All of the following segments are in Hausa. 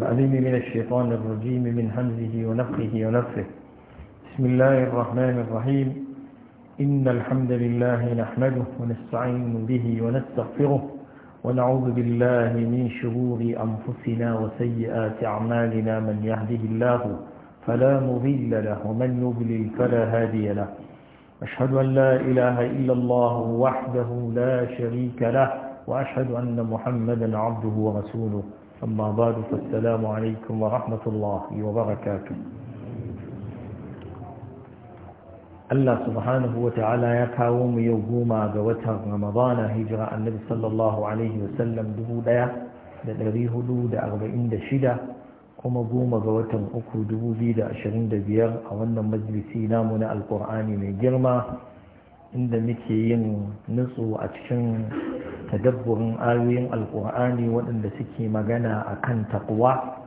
العليم من الشيطان الرجيم من همزه ونفخه ونفخه بسم الله الرحمن الرحيم إن الحمد لله نحمده ونستعين به ونستغفره ونعوذ بالله من شرور أنفسنا وسيئات أعمالنا من يهده الله فلا مضل له ومن يضلل فلا هادي له أشهد أن لا إله إلا الله وحده لا شريك له وأشهد أن محمدا عبده ورسوله أما بعد فالسلام عليكم ورحمة الله وبركاته Allah subhanahu wa ta’ala ya kawo mu yau goma ga watan Ramadana hijira annabi sallallahu ɗaya da ɗari hudu da arba'in da shida kuma goma ga watan uku dubu biyu da ashirin da biyar a wannan majalisi namu na alkur'ani mai girma inda muke yin nutsu a cikin tadabburin ayoyin alkur'ani waɗanda suke magana a kan taƙwa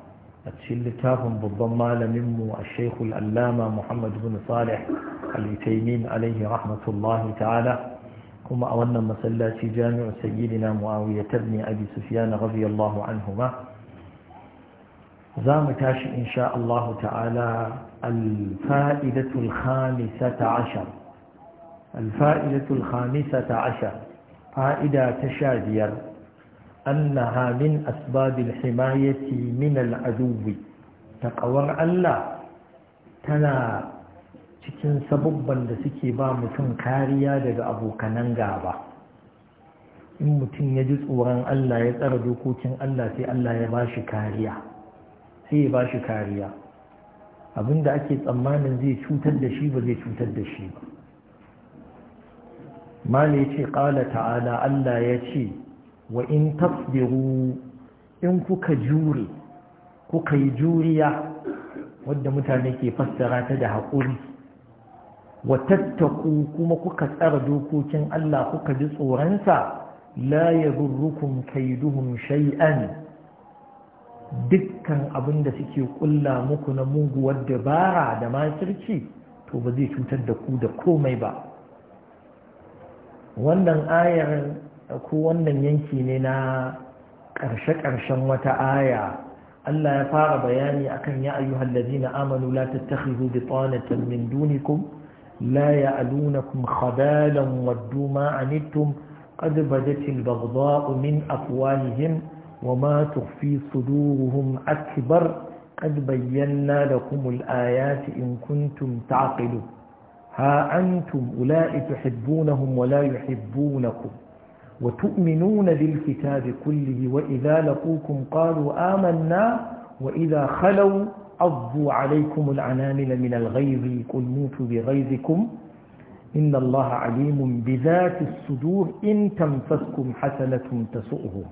a cikin littafin babban malaminmu a shekul allama muhammad bin salih al-utaimin alaihi rahmatullahi ta'ala kuma a wannan masallaci jami'u sayyidina muawiya tabni abi sufyan radiyallahu anhuma za mu tashi insha Allah ta'ala al-fa'idatu khamisata ashar الفائدة الخامسة عشر فائدة تشادير أنها من أسباب الحماية من العدو ƙawar الله تنا cikin sababban da suke ba mutum kariya daga abokanan gaba in mutum ya ji tsoron Allah ya tsara dokokin Allah sai Allah ya ba shi kariya sai ya ba shi kariya abinda ake tsammanin zai cutar da shi ba zai cutar da shi ba mala ya ce ƙala ta'ala Allah ya ce wa in tasbiru in kuka jure kuka yi juriya wadda mutane ke fassara ta da haƙuri wa tattaku kuma kuka tsara dokokin Allah kuka ji tsoronsa la yadurrukum kaiduhum shay'an dukkan abin da suke kulla muku na muguwar dabara da masirci, to ba zai cutar da ku da komai ba wannan ayar ko wannan yanki ne na ƙarshe-ƙarshen wata aya Allah ya fara bayani akan ya ayyuhal ladina amanu la tattakhidhu bitanatan min dunikum la ya'lunakum khabalan waddu ma anittum qad badat al-baghdha'u min afwahihim وما تخفي صدورهم أكبر قد بينا لكم الآيات إن كنتم تعقلون ها أنتم أولئك تحبونهم ولا يحبونكم وتؤمنون بالكتاب كله وإذا لقوكم قالوا آمنا وإذا خلوا عضوا عليكم العنامل من الغيظ قل موتوا بغيظكم إن الله عليم بذات الصدور إن تمسكم حسنة تسؤهم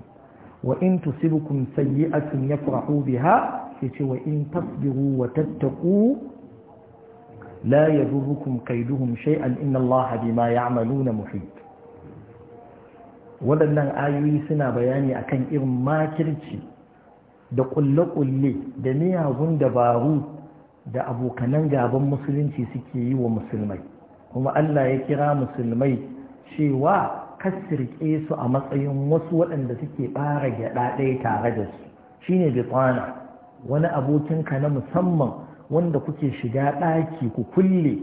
وإن تصبكم سيئة يفرحوا بها وإن تصبروا وتتقوا لا يضركم كيدهم شيئا إن الله بما يعملون محيط waɗannan ayoyi suna bayani akan irin makirci da ƙulle-ƙulle da miyagun dabaru da abokanan gaban musulunci suke yi wa musulmai kuma Allah ya kira musulmai cewa kasirke su a matsayin wasu waɗanda suke ɓara gyaɗa ɗaya tare da su shine bitana wani abokinka na musamman wanda kuke shiga ɗaki ku kulle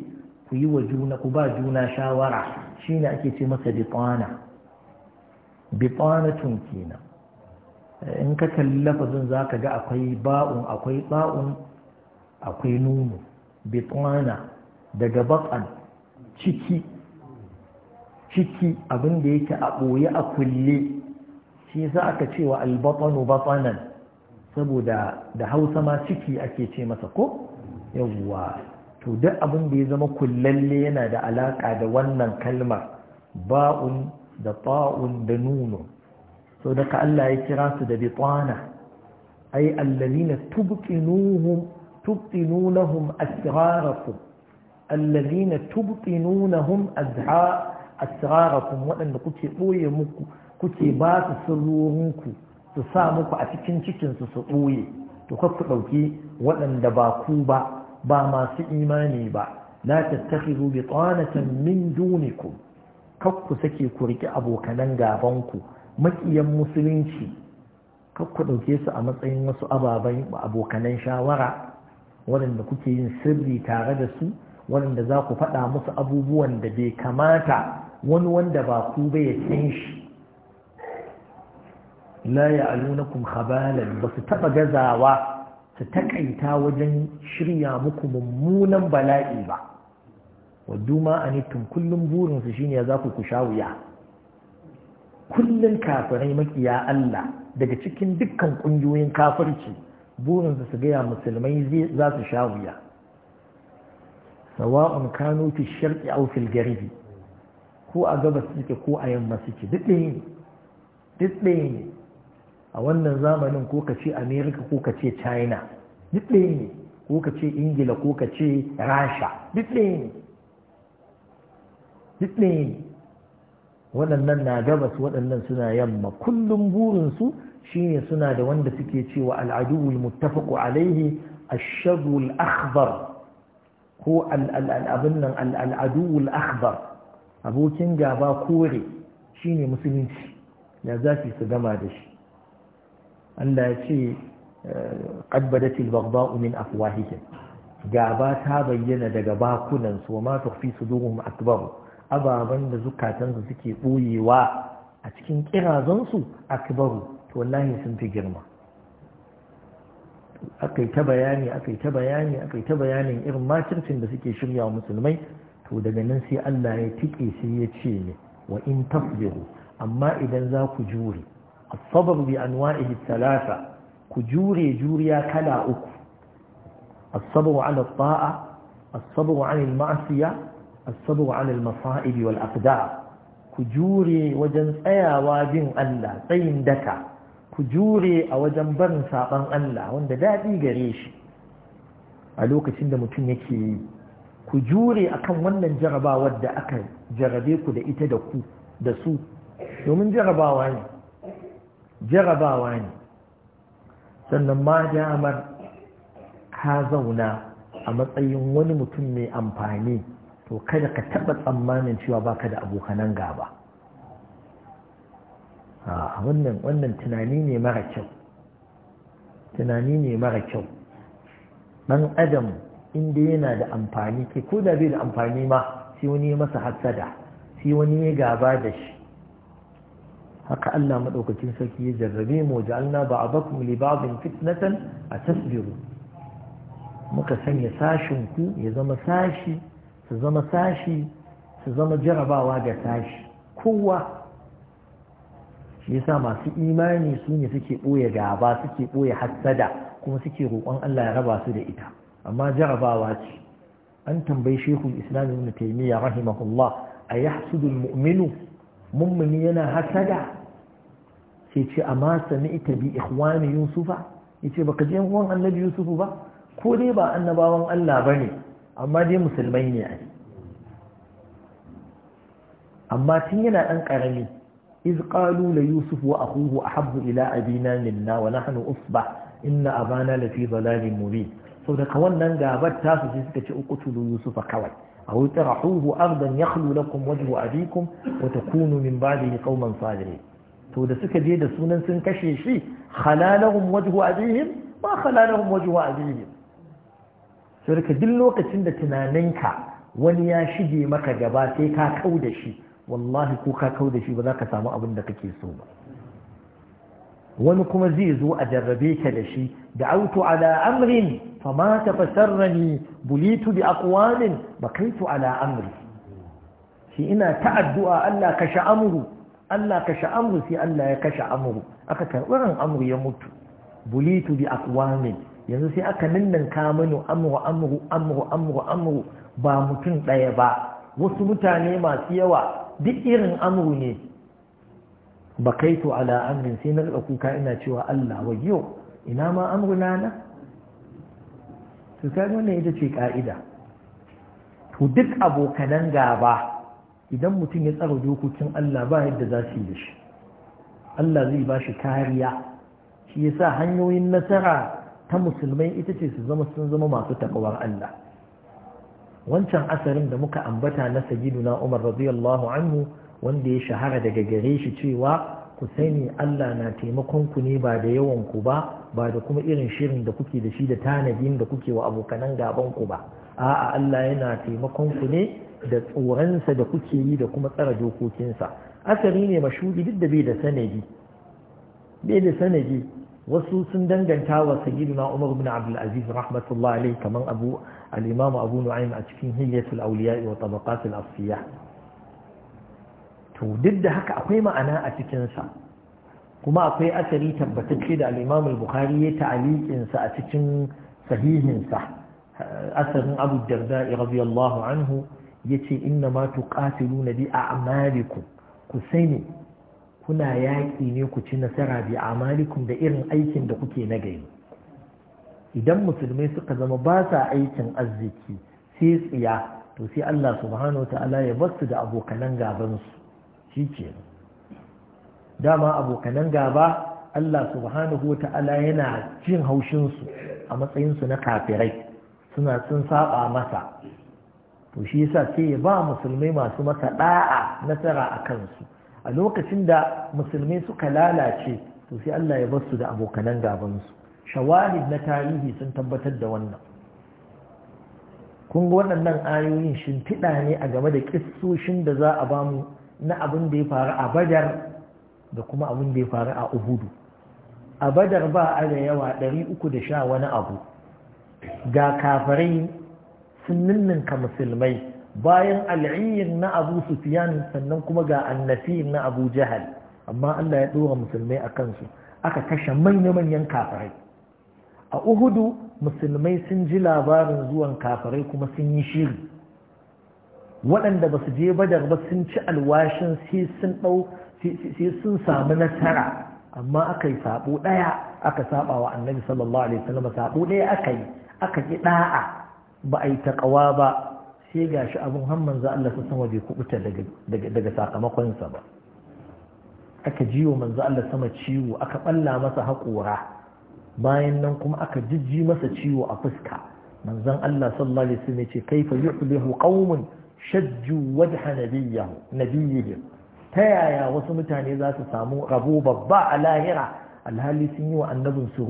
ku yi wa juna ku ba juna shawara shine ake ce masa bitwana tun kenan in ka kalli zan za ka ga akwai ba'un akwai ba'un akwai nunu bitwana daga bakan ciki ciki abin yake a ɓoye a kulle shi za aka ce wa albatanu batanan saboda da hausa ma ciki ake ce masa ko yawwa to duk abin da ya zama kullalle yana da alaƙa da wannan kalmar ba'un da ta'un da nuno so daga Allah ya kira su da bitana ai allazina tubtinuhum tubtinunahum asrarakum allazina tubtinunahum azha asrarakum waɗanda kuke ɓoye muku kuke ba su sirrorinku su sa muku a cikin cikinsu su ɓoye to kar ku ɗauki waɗanda ba ku ba ba masu imani ba la tattakhidhu bitanatan min dunikum kakku sake ku riki abokanan gabanku Maƙiyan musulunci kakku ɗauke su a matsayin wasu ababen abokanan shawara waɗanda kuke yin sirri tare da su waɗanda za ku faɗa musu abubuwan da bai kamata wani wanda ba ku bai ya san shi la ya'lunakum khabalan ba su taɓa gazawa su takaita wajen shirya muku mummunan bala'i ba waddu ma a tun kullum burinsu shine za ku ku sha wuya kullum kafirai makiya Allah daga cikin dukkan ƙungiyoyin kafirci burinsu su gaya musulmai za su sha wuya sawa'un kano fi sharki aw fil garibi ko a gabas suke ko a yamma suke duk ɗaya ne a wannan zamanin ko ka ce america ko ka ce china duk ɗaya ne ko ka ce ingila ko ka ce rasha duk ɗaya ne duk ɗaya ne waɗannan na gabas waɗannan suna yamma kullum burinsu shine suna da wanda suke cewa al'aduwul muttafaqu alaihi ashadul akhbar ko al'abin nan al'aduwul akhbar abokin gaba kore shine musulunci ya za su gama da shi Allah ya ce qabbadatil baghdha'u min afwahihim gaba ta bayyana daga bakunan su ma tukhfi sudurum akbar Ababen da zukatan suke ɓoyewa a cikin kirazon su akbaru to wallahi sun fi girma akai ta bayani akai ta bayani akai ta bayanin irin makircin da suke shirya wa musulmai to daga nan sai Allah ya tike sai ya ce ne wa in tasbiru amma idan za ku jure الصبر بأنواعه الثلاثة كجوري جوريا كلا أكو الصبر على الطاعة الصبر عن المعصية الصبر عن المصائب والأقدار كجوري وجن أيا واجن ألا طين دكا كجوري أوجن برن ساقن ألا وند دادي قريش ألوك سند متنكي كجوري أكن ونن جربا ود أكن جربيكو دا إتدكو دسو ومن جربا واني jarabawa ne sannan ma damar ka zauna a matsayin wani mutum mai amfani to kada ka taɓa tsammanin cewa baka da abokanan gaba a wannan tunani ne mara kyau tunani ne mara kyau ɗan adam inda yana da amfani ke ko da bai da amfani ma sai wani masa hassada sai wani ya gaba da shi haka Allah maɗaukacin sarki ya jarrabe mu ja'alna ba'dakum li ba'din fitnatan atasbiru muka sanya sashin ku ya zama sashi su zama sashi su zama jarabawa ga sashi kowa shi yasa masu imani su ne suke ɓoye gaba suke ɓoye hassada kuma suke roƙon Allah ya raba su da ita amma jarabawa ce an tambayi shekul islam ibn taymiya rahimahullah a yahsudul mu'minu mummuni yana hasada sai ce Sani ita bi ikhwani yusufa yace baka ji uwan annabi yusufu ba ko dai ba annabawan Allah bane amma dai musulmai ne ai amma tun yana ɗan karami iz qalu la yusuf wa a habbu ila abina minna wa nahnu usbah inna abana lafi dhalalin mubin Sau daga wannan gabar ta su suka ce uku tulu yusufa kawai A wuce tarahuhu ardan yakhlu lakum wajhu abikum wa takunu min ba'dihi qauman salihin to da suka je da sunan sun kashe shi halalahum wajhu abihim ba halalahum wajhu abihim sai duk lokacin da tunaninka wani ya shige maka gaba sai ka kau da shi wallahi ko ka kau da shi ba za ka samu abin da kake so ba wani kuma zai zo a jarrabe ka da shi da autu ala amrin fa ma tafasarrani bulitu bi aqwamin bakaitu ala amri shi ina ta addu'a Allah ka sha'amuru Allah kashe amru sai Allah ya kashe amru aka karɓi ran amru ya mutu bulitu bi akwamin. yanzu sai aka ninninka mani amru amru amru amru amru ba mutum ɗaya ba wasu mutane masu yawa duk irin amru ne ba kai to ala amrin sai na riƙa kuka ina cewa Allah yau. ina ma amru na? su kai wannan ita ce ka'ida to duk abokanan gaba idan mutum ya tsara dokokin Allah ba yadda za su yi da shi Allah zai ba shi kariya shi yasa hanyoyin nasara ta musulmai ita ce su zama sun zama masu takawar Allah wancan asarin da muka ambata na Sajidu na Umar radiyallahu anhu wanda ya shahara daga gare shi cewa ku sani Allah na taimakon ku ne ba da yawan ku ba ba da kuma irin shirin da kuke da shi da tanadin da kuke wa abokanan gaban ku ba a'a Allah yana taimakon ku ne da tsoronsa da kuke yi da kuma tsara dokokinsa asari ne mashuri duk da bai da sanadi bai da sanadi wasu sun danganta wa sayyiduna umar bin abdul aziz rahmatullah alaihi kaman abu al-imam abu nu'aym a cikin hilyatul awliya wa tabaqatul asfiya to duk da haka akwai ma'ana a cikin sa kuma akwai asari tabbatacce da al-imam al-bukhari ya ta'aliqin sa a cikin sahihin sa asarin abu darda radiyallahu anhu Ya yace inna ma na bi a'malikum ku sani kuna yaƙi ne ku ci nasara bi a'malikum da irin aikin da kuke na gari idan musulmai suka zama ba sa aikin arziki sai tsiya to sai Allah subhanahu ta'ala ya basu da abokanan gaban su shike dama abokanan gaba Allah subhanahu ta'ala yana jin haushin su a matsayin su na kafirai suna sun saba masa to shi yasa sai ya ba musulmai masu masa da'a nasara a kansu a lokacin da musulmai suka lalace to sai Allah ya bar da abokanan gabansu shawahid na tarihi sun tabbatar da wannan kun ga waɗannan ayoyin shimfiɗa ne a game da kissoshin da za a bamu na abin da ya faru a badar da kuma abin da ya faru a uhudu a badar ba a da yawa da sha wani abu ga kafarai. sun ka musulmai bayan al'iyin na abu sufiyan sannan kuma ga annafi na abu jahal amma Allah ya ɗora musulmai a kansu aka kashe manya-manyan kafirai a uhudu musulmai sun ji labarin zuwan kafirai kuma sun yi shiri waɗanda ba su je badar ba sun ci alwashin sai sun sai sun samu nasara amma aka yi sabo ɗaya aka saba wa annabi sallallahu alaihi wasallam sabo ɗaya aka yi aka ki ɗa'a ba a yi taƙawa ba sai ga shi abin hamman za Allah sama bai kubuta daga sakamakonsa ba aka jiwo manzo Allah sama ciwo aka balla masa haƙora bayan nan kuma aka jijji masa ciwo a fuska manzon Allah sallallahu alaihi wasallam yace kaifa yuhlihu qaumun shajju wajha nabiyyahu nabiyyihim ta yaya wasu mutane za su samu rabo babba a lahira alhali sun yi wa annabin su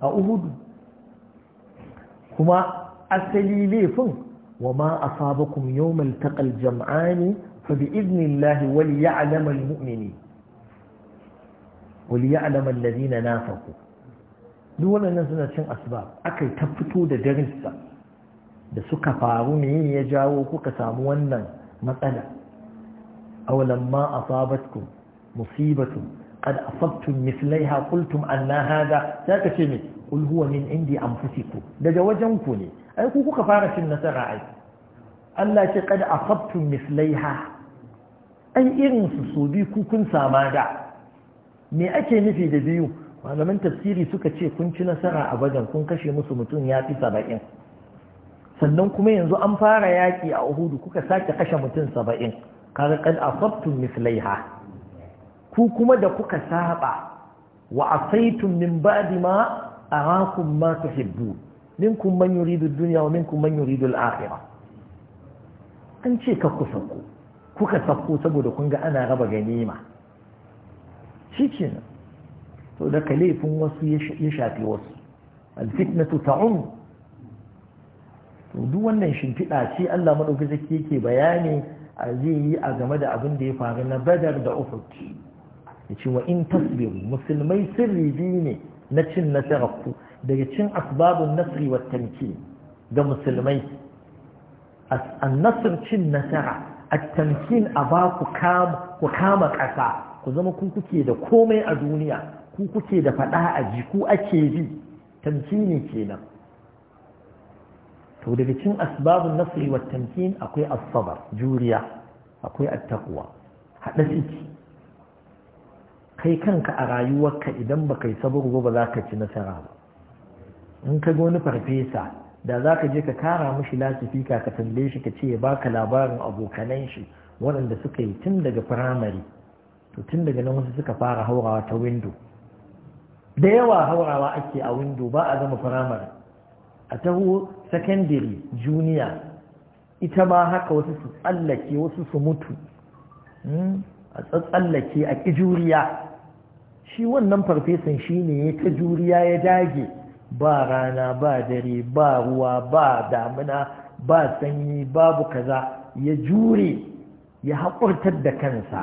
a uhudu kuma asali laifin wa ma asabakum yawmal taqal jam'ani fa bi idnillahi wal ya'lamal mu'mini wal ya'lamal ladina nafaqu duk wannan suna cin asbab akai ta fito da darissa da suka faru ne ya jawo kuka samu wannan matsala awalan ma asabatkum musibatu qad asabtum mithlaiha qultum anna hadha zaka ce me qul huwa min indi anfusikum daga wajen ku ne ai ku kuka fara cin nasara ai Allah ce kada asabtum mislaiha ai irin su so bi ku kun sama da me ake nufi da biyu malaman tafsiri suka ce kun ci nasara a wajen kun kashe musu mutum ya fi saba'in sannan kuma yanzu an fara yaƙi a uhudu kuka sake kashe mutum saba'in kaga kad asabtum mislaiha ku kuma da kuka saba wa asaitum min ba'di ma أراكم ما تحبون منكم من يريد الدنيا ومنكم من يريد الآخرة an ce kakku sauko kuka sauko saboda kun ga ana raba ganima shi ce na laifin wasu ya shafi wasu alfitnatu ta'un to duk wannan shimfiɗa ce Allah maɗauki zaki yake bayani a zai yi a game da abin da ya faru na badar da ufuk ya ce wa in tasbiru musulmai sirri biyu ne na cin nasarar ku daga cin asbabun nasri wa tanki ga musulmai nasir cin nasara a tamkin a ba ku kama ƙasa ku zama kun kuke da komai a duniya kun kuke da faɗa a ji ku ake bi ke kenan to daga cin asbabun nasri wa tamkin akwai asabar juriya akwai attakuwa haɗa ciki kai kanka a rayuwarka idan ba kai baza ba za ka ci nasara ba in ka ga wani farfesa da za ka je ka kara mashi lasifi ka ka tambaye shi ka ce ya baka labarin abokanan shi waɗanda suka yi tun daga firamare to tun daga nan wasu suka fara haurawa ta windo da yawa haurawa ake a windo ba a zama firamare a taho sakandare juniya ita ma haka wasu su tsallake wasu su mutu hmm? a tsallake a ƙijuriya shi wannan farfesan shi ne ya ta juriya ya dage ba rana ba dare ba ruwa ba damina ba sanyi babu kaza ya jure ya haƙurtar da kansa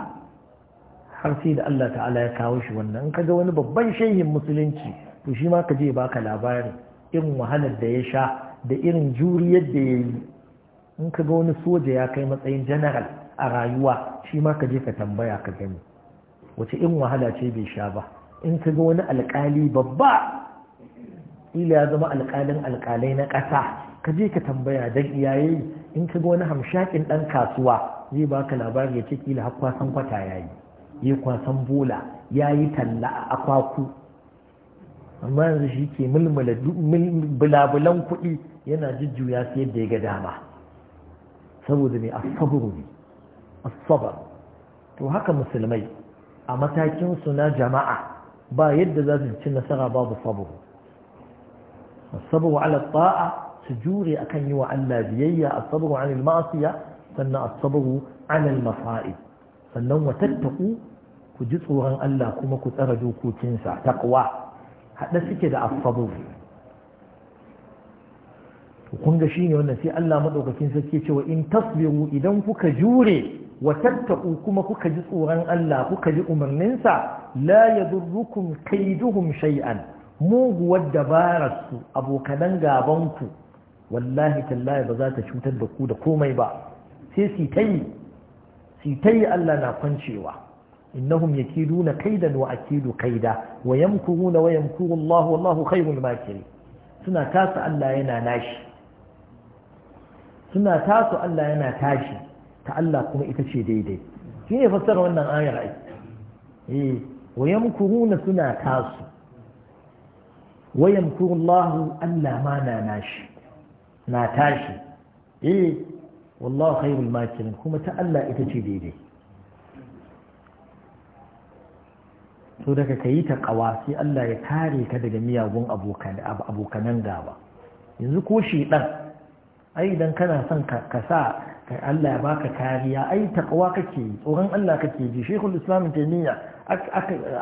har sai da Allah ta'ala ya kawo shi wannan in kaga wani babban shehin musulunci to shi ma ka baka labari irin wahalar da ya sha da irin juriyar da ya yi in kaga wani soja ya kai matsayin janaral a rayuwa shi ma ka je ka tambaya ka gani wace in wahala ce bai sha ba in ka ga wani alƙali babba ila ya zama alƙalin alƙalai na ƙasa ka je ka tambaya dan iyaye in ka ga wani hamshakin ɗan kasuwa zai baka labari ya ce kila har kwasan kwata yayi yi kwasan bola Ya yi talla a akwaku amma yanzu shi ke mulmula bulabulan kuɗi yana jujjuya su yadda ya ga dama saboda mai asabar, asabar to haka musulmai a matakinsu na jama'a ba yadda za su ci nasara babu sabo asabu ala ta'a su jure kan yi wa Allah biyayya asabu ala ma'asiya sannan asabu ala masa'ib sannan wa ku ji tsoron Allah kuma ku tsara dokokinsa takwa Haɗa suke da asabu kun ga shine wannan sai Allah madaukakin sarki cewa in tasbiru idan kuka jure wa tattaku kuma kuka ji tsoron Allah kuka ji umarninsa la yadurrukum kaiduhum shai'an? muguwar dabarar su gabanku. wallahi tallahi ba za ta cutar da ku da komai ba sai sitayi sitayi Allah na kwancewa innahum yakiduna kaidan wa akidu kaida wa yamkuruna wa yamkuru Allah wallahu khairul makirin suna tasa Allah yana nashi suna tasu Allah yana tashi ta Allah kuma ita ce daidai shi ne fassara wannan ayar ai eh wa yamkuruna suna tasu wa yamkuru Allah ma na nashi na tashi eh wallahu khairul makirin kuma ta Allah ita ce daidai to daga kayi ta kawa sai Allah ya kare ka daga miyagun abokan abokanan gaba yanzu ko shi dan ai idan kana son ka sa kai Allah ya baka kariya ai taqwa kake tsoron Allah kake ji Sheikhul Islam Taymiya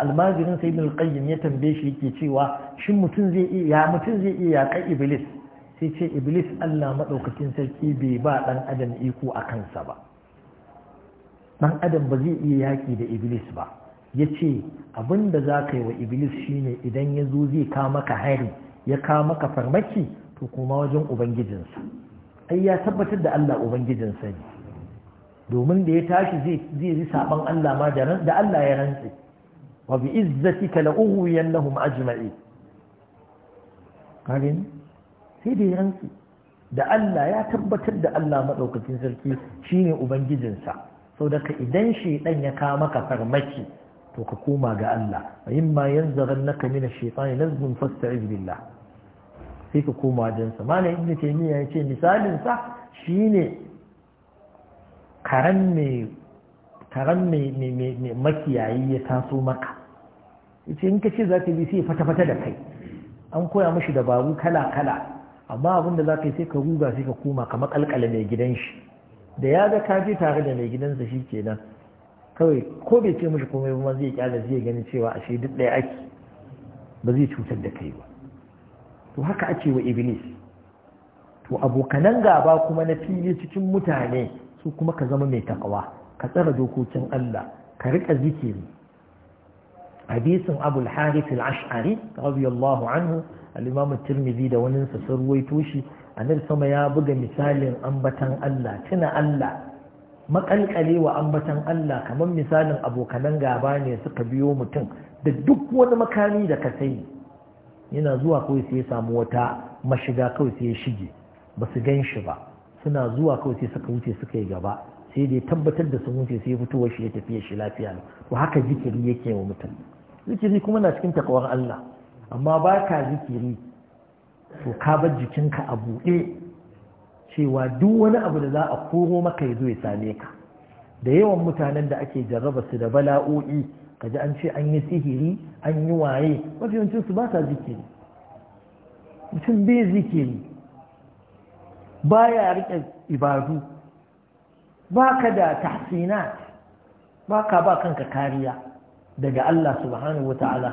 almajirin Sayyid al-Qayyim ya tambaye shi yake cewa shin mutum zai iya mutum zai iya kai iblis sai ce iblis Allah madaukakin sarki bai ba dan adam iko a kansa ba dan adam ba zai iya yaki da iblis ba yace abinda za ka yi wa iblis shine idan ya zo zai ka maka hari ya ka maka farmaki to kuma wajen ubangijinsa ai ya tabbatar da Allah ubangijin sani domin da ya tashi zai yi saban Allah ma da Allah ya rantsi wa bi izzatika la ughwiyannahum ajma'i kagin sai da ya rantsi da Allah ya tabbatar da Allah madaukakin sarki shine ubangijinsa sau daga idan shedan ya kawo maka farmaki to ka koma ga Allah fa imma yanzaghannaka min ash-shaytani nazghun fasta'iz billah sai ka koma jinsa malam ibn taymiya ya ce misalin sa shine karen mai karan mai makiyayi ya taso maka ya in ka ce za ka bi sai ya fata fata da kai an koya mashi dabaru kala kala amma abin da za ka yi sai ka ruga sai ka koma ka kalkala mai gidan shi da ya ga ka tare da mai gidansa shi ke nan, kawai ko bai ce mashi komai ba zai kyala zai gani cewa ashe duk ɗaya ake ba zai cutar da kai ba to haka ake wa iblis to abokanan gaba kuma na fili cikin mutane su kuma ka zama mai takawa ka tsara dokokin Allah ka rika zikiri hadisin abul harith al-ash'ari radiyallahu anhu al-imam at-tirmidhi da wani sa sun shi sama ya buga misalin ambatan Allah tuna Allah makalkale wa ambatan Allah kamar misalin abokanan gaba ne suka biyo mutum da duk wani makami da ka sai yana zuwa kawai sai ya samu wata mashiga kawai sai ya shige ba su gan shi ba suna zuwa kawai sai suka wuce suka yi gaba sai dai tabbatar da sun wuce sai fitowar shi ya tafiya shi lafiya to haka zikiri yake wa mutum zikiri kuma na cikin takawar Allah amma ba ka zikiri to ka bar jikinka a buɗe cewa duk wani abu da za a koro maka ya zo ya same ka da yawan mutanen da ake jarraba su da bala'o'i kaji an ce an yi sihiri an yi waye mafi yawancin su ba sa zikiri mutum bai zikiri ba ya riƙe ibadu ba ka da tahsinat ba ka ba kanka kariya daga Allah subhanahu wa ta'ala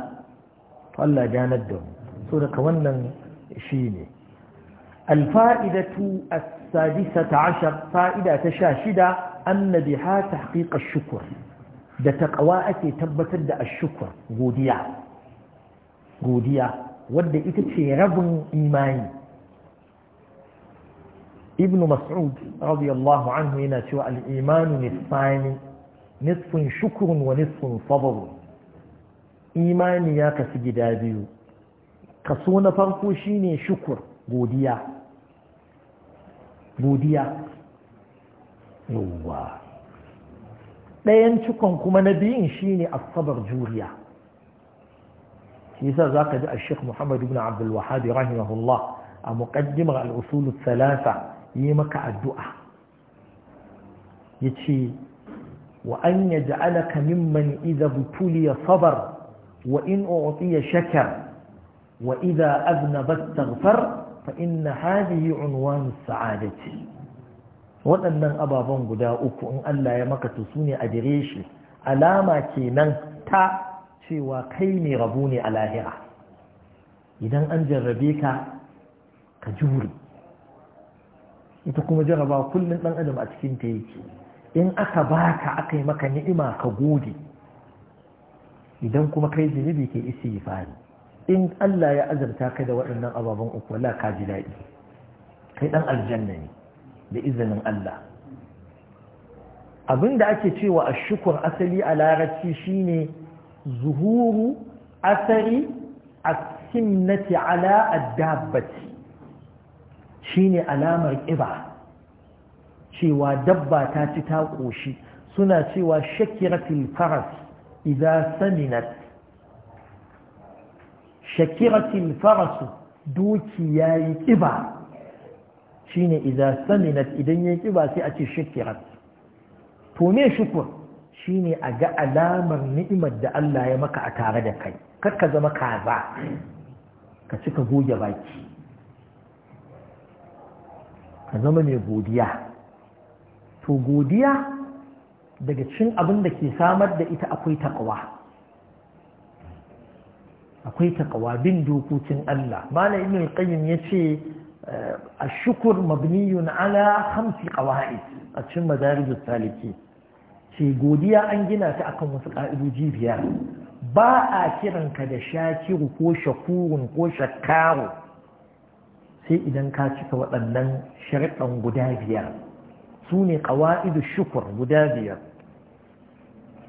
Allah janar da so daga wannan shi ne alfa'idatu as-sadisata ashar fa'ida ta sha shida annabiha tahqiq ash-shukr da taƙawa ake tabbatar da ashukur godiya godiya wadda ita ce rabin imani ibn mas'ud radiyallahu anhu yana cewa al'imanu nisfani nisfin shukurun wa nisfin sabaru imani ya kasu gida biyu kaso na farko shine shukur godiya godiya yawwa ɗayan cikon kuma na biyun shine asabar juriya shi yasa zaka ji a shek Muhammadu ibn Abdullahi rahimahullah a muƙaddimar al-usul thalatha yi maka addu'a yace wa an yaj'alaka mimman idha butuliya sabar wa in ya shakar wa idha aznaba far, fa inna hadhihi unwan as-sa'adati waɗannan ababen guda uku in Allah ya maka to sune a dire shi alama kenan ta cewa kai ne rabu ne a lahira idan an jarrabe ka ka jure ita kuma jarraba kullum ɗan adam a cikin ta yake in aka baka aka yi maka ni'ima ka gode idan kuma kai zunubi ke isi fari in Allah ya azarta ka da waɗannan ababen uku wala ka ji daɗi kai ɗan aljanna ne da izinin Allah abinda ake cewa a shukur asali a larabci shine zuhuru asari a sinnati ala addabbati shine alamar ƙiba cewa dabba ta ci ta ƙoshi suna cewa shakiratul faras idan saminat shakiratul faras doki yayi ƙiba shine idza saminat idan ya kiba sai a ce shakirat to me shukur shine a ga alamar ni'imar da Allah ya maka a tare da kai kar ka zama kaza ka cika goge baki ka zama mai godiya to godiya daga cikin abin da ke samar da ita akwai taƙawa. akwai taƙawa bin dokokin Allah Malamin ibn ya ce. الشكر ana على خمس a أتشم مدارج السالكين ce godiya an gina ta akan wasu ƙa'idoji biyar ba a kiranka da shakiru ko shakurun ko shakaru sai idan ka cika waɗannan sharɗan guda biyar su ne ƙawa'idu shukur guda biyar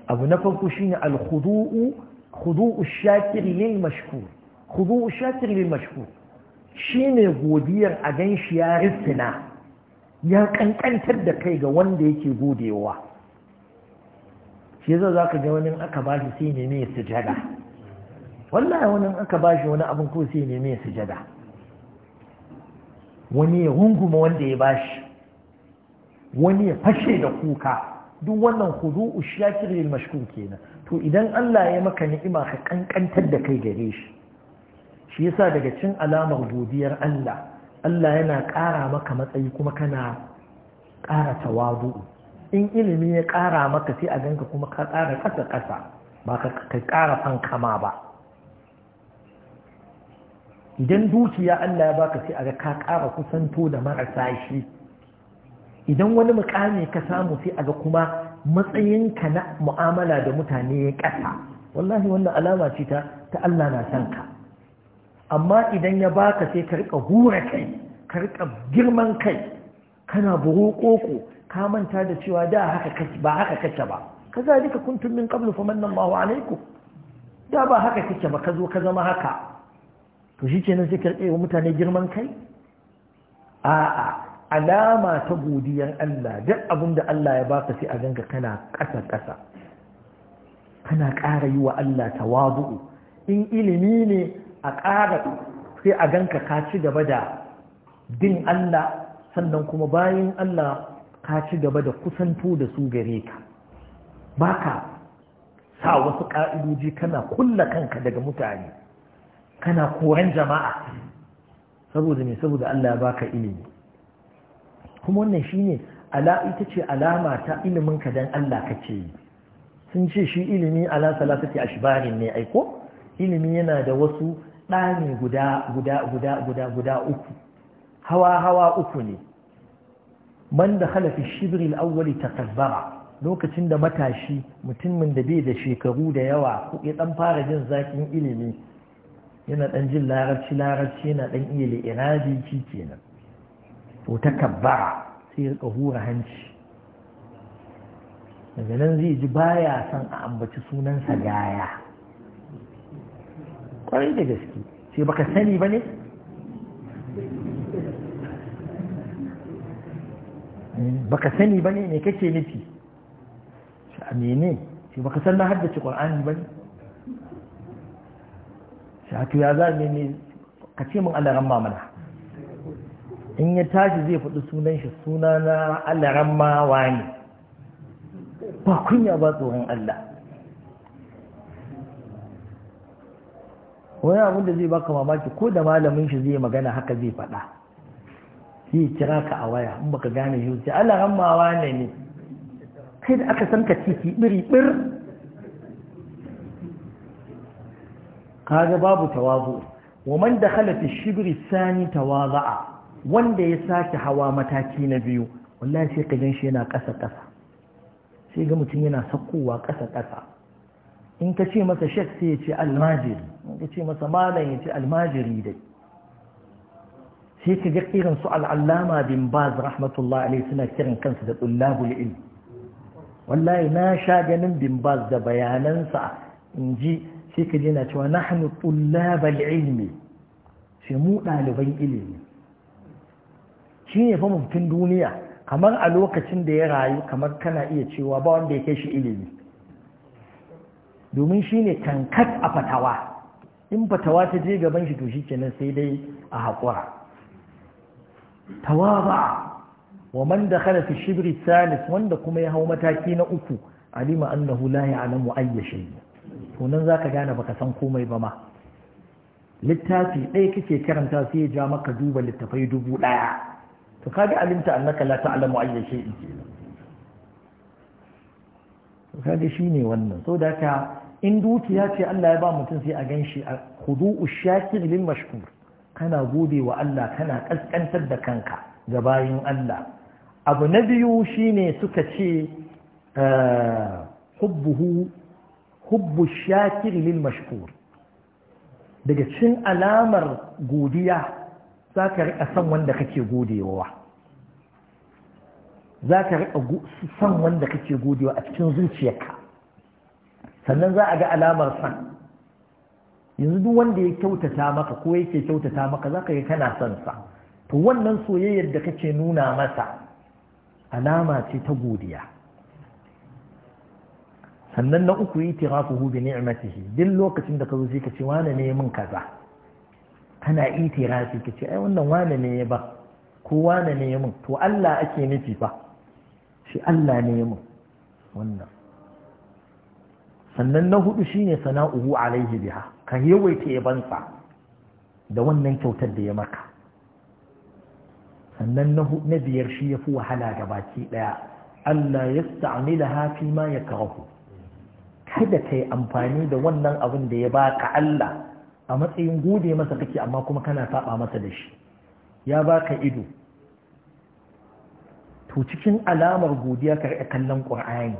abu na farko shi ne alhudu'u hudu'u shakiri lil mashkur shi ne godiyar a gan shi ya rissina ya kankantar da kai ga wanda yake godewa shi zai za ka ga wani aka ba shi sai ne mai sujada wallahi wani aka ba shi wani abin ko sai ne mai sujada wani ya runguma wanda ya ba shi wani ya fashe da kuka duk wannan hudu shakir lil mashkun kenan to idan Allah ya maka ni'ima ka kankantar da kai gare shi shi yasa daga cin alamar godiyar Allah Allah yana ƙara maka matsayi kuma kana ƙara tawadu in ilimi ya ƙara maka sai a ganka kuma ka ƙara ƙasa ƙasa ba ka ƙara fankama kama ba idan dukiya Allah ya baka sai a ga ka ƙara kusanto da marasa shi idan wani mukami ka samu sai a ga kuma matsayinka na mu'amala da mutane ya ƙasa wallahi wannan alama ce ta ta Allah na san ka amma idan ya baka sai ka rika hura kai ka girman kai kana buru ka manta da cewa da haka ba haka kace ba kaza duka kuntun min qablu famanna Allahu alaikum da ba haka kake ba ka zo ka zama haka to na sai ka rike wa mutane girman kai a'a alama ta godiyar Allah duk abin da Allah ya baka sai a ganka kana ƙasa-ƙasa, kana ƙara yi wa Allah tawadu'u in ilimi ne a ƙara sai a ganka ka ci gaba da bin Allah sannan kuma bayan Allah ka ci gaba da kusanto da su gare ka ba ka sa wasu ƙa'idoji kana kulla kanka daga mutane kana koren jama'a saboda mai saboda Allah ya baka ilimi kuma wannan shine ala ita ce alama ta ilimin ka dan Allah kace yi sun ce shi ilimi ala salatati ashbarin ne aiko ilimi yana da wasu ɗani guda guda guda guda guda uku hawa hawa uku ne man da halafi shibri al'awwali takabbara lokacin da matashi mutumin da bai da shekaru da yawa ko ya ɗan fara jin zakin ilimi yana dan jin larabci larabci yana ɗan iya li'irabi ci kenan to kabbara, sai ya hura hanci daga nan zai ji baya son a ambaci sunansa gaya kwarai da gaske sai baka sani ba ne baka sani ba ne ne kake nufi a mene sai baka san na haddace ƙwar'ani ba ne shatu ya za ne ne ka ce min alaran mamana in ya tashi zai faɗi sunan shi suna na alaran mawa ne ba kunya ba tsoron Allah wani abin da zai baka mamaki ko da malamin shi zai magana haka zai faɗa zai kira ka a waya in baka gane shi sai Allah rammawa ne ne kai da aka san ka titi biri bir kaga babu tawazu wa man dakhala fi shibri sani tawaza'a wanda ya sake hawa mataki na biyu wallahi sai ka gan shi yana kasa-kasa. sai ga mutum yana sakkowa kasa-kasa. in ka ce masa shek sai ya ce almajiri in ka ce masa malam ya ce almajiri dai sai ka ga irin su al'allama bin baz rahmatullah alaihi suna kiran kansu da tsullabul ilm wallahi na sha ganin bin baz da bayanansa in ji sai ka je na cewa nahnu tsullabul ilmi sai mu ɗaliban ilimi shi ne fa mutun duniya kamar a lokacin da ya rayu kamar kana iya cewa ba wanda ya kai shi ilimi domin shi ne tankat a fatawa in fatawa ta je gaban shi to shi kenan sai dai a haƙura tawaba wa man da kana fi shibri salis wanda kuma ya hau mataki na uku alima annahu la ya'lamu to nan zaka gane baka san komai ba ma littafi ɗaya kake karanta sai ya ja maka duba littafai dubu ɗaya to kaga alimta annaka la ta'lamu ayya shay kaga shine wannan so da ka in dukiya ce Allah ya ba mutum sai a ganshi a khudu'u shakir lil mashkur kana gode wa Allah kana kaskantar da kanka ga bayin Allah abu na biyu shine suka ce eh, hubbuhu hubbu shakir lil mashkur daga cin alamar godiya ka riƙa san wanda kake godewa zaka riƙa san wanda kake godewa a cikin zuciyarka sannan za a ga alamar san yanzu duk wanda ya kyautata maka ko yake kyautata maka za ka yi kana son sa to wannan soyayyar da kake nuna masa alama ce ta godiya sannan na uku hu bi ni'matihi duk lokacin da ka zo sai ka ce wane ne min kaza kana tirafi ka ce ai wannan wane ne ya ba ko wane ne ya min to Allah ake nufi fa shi Allah ne ya min wannan sannan na hudu shine sana'uhu alaihi biha ka yawaita yabansa da wannan kyautar da ya maka sannan na biyar shi ya fi wahala ga baki daya Allah ya sta'amila hafi ma ya kawo kada ka yi amfani da wannan abin da ya baka Allah a matsayin gode masa kake amma kuma kana saba masa da shi ya baka ido to cikin alamar godiya ka kallon ƙur'ani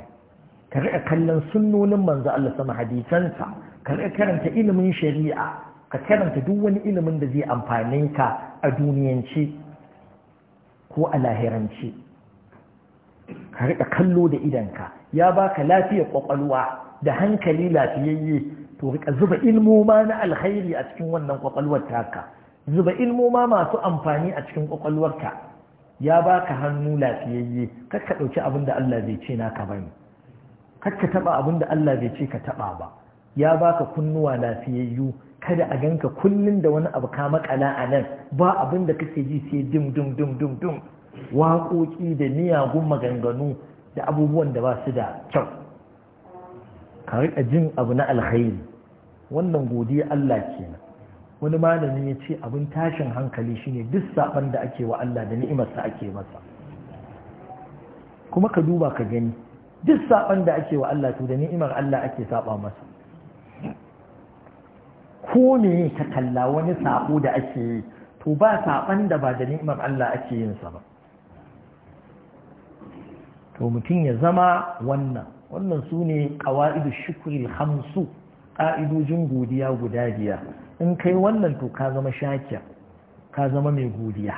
ka riƙa kallon sunnonin manzo Allah sama hadisansa ka riƙa karanta ilimin shari'a ka karanta duk wani ilimin da zai amfane ka a duniyance ko a lahirance ka riƙa kallo da idanka ya baka lafiyar kwakwalwa da hankali lafiyayye to riƙa zuba ilmoma na alkhairi a cikin wannan kwakwalwar taka zuba ilmoma masu amfani a cikin kwakwalwarka ya baka hannu lafiyayye kar ka ɗauki abin da Allah zai ce naka bane kar Ka taba abin da Allah bai ce ka taɓa ba ya baka kunnuwa lafiyayyu kada a ganka kullun da wani abu ka makala a nan ba abin da kake ji sai dim dum dum dum dum waƙoƙi da miyagun maganganu da abubuwan da ba su da kyau ka riƙa jin abu na alkhairi wannan godiya Allah kenan wani malami ya ce abin tashin hankali shine duk saban da ake wa Allah da ni'imarsa ake masa kuma ka duba ka gani duk saban da ake wa Allah to da ni'imar Allah ake saba masa ko ne ka kalla wani sabo da ake yi to ba saban da ba da ni'imar Allah ake yin sa ba to mutum ya zama wannan wannan sune ne ƙawa'idu shukri hamsu ƙa'idojin godiya guda biyar in kai wannan to ka zama shakiya ka zama mai godiya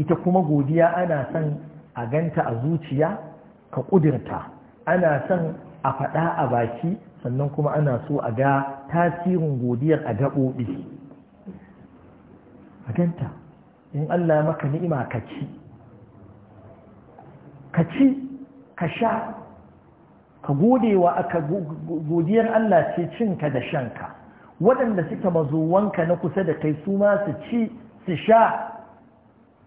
ita kuma godiya ana son a ganta a zuciya ka ƙudurta ana son a faɗa a baki sannan kuma ana so a ga tasirin godiyar a gaɓoɓi a ganta in Allah maka ni'ima ka ci ka ci ka sha ka godewa aka godiyar Allah ce cinka da shan ka, waɗanda suka mazuwanka na kusa da kai su ma su ci su sha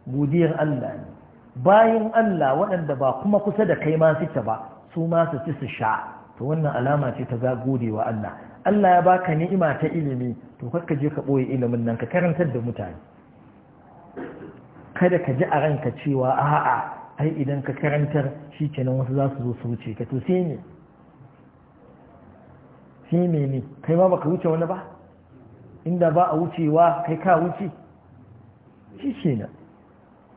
godiyar Allah ne bayan Allah waɗanda ba kuma kusa da kai ma suke ba su ma su ci su sha to wannan alama ce ta ga wa Allah Allah ya baka ni'ima ta ilimi to kakka je ka boye ilimin nan ka karantar da mutane kada ka ji a ranka cewa a'a ai idan ka karantar shi kenan wasu za su zo su wuce ka to sai ne sai me ne kai ma baka wuce wani ba inda ba a wucewa kai ka wuce shi kenan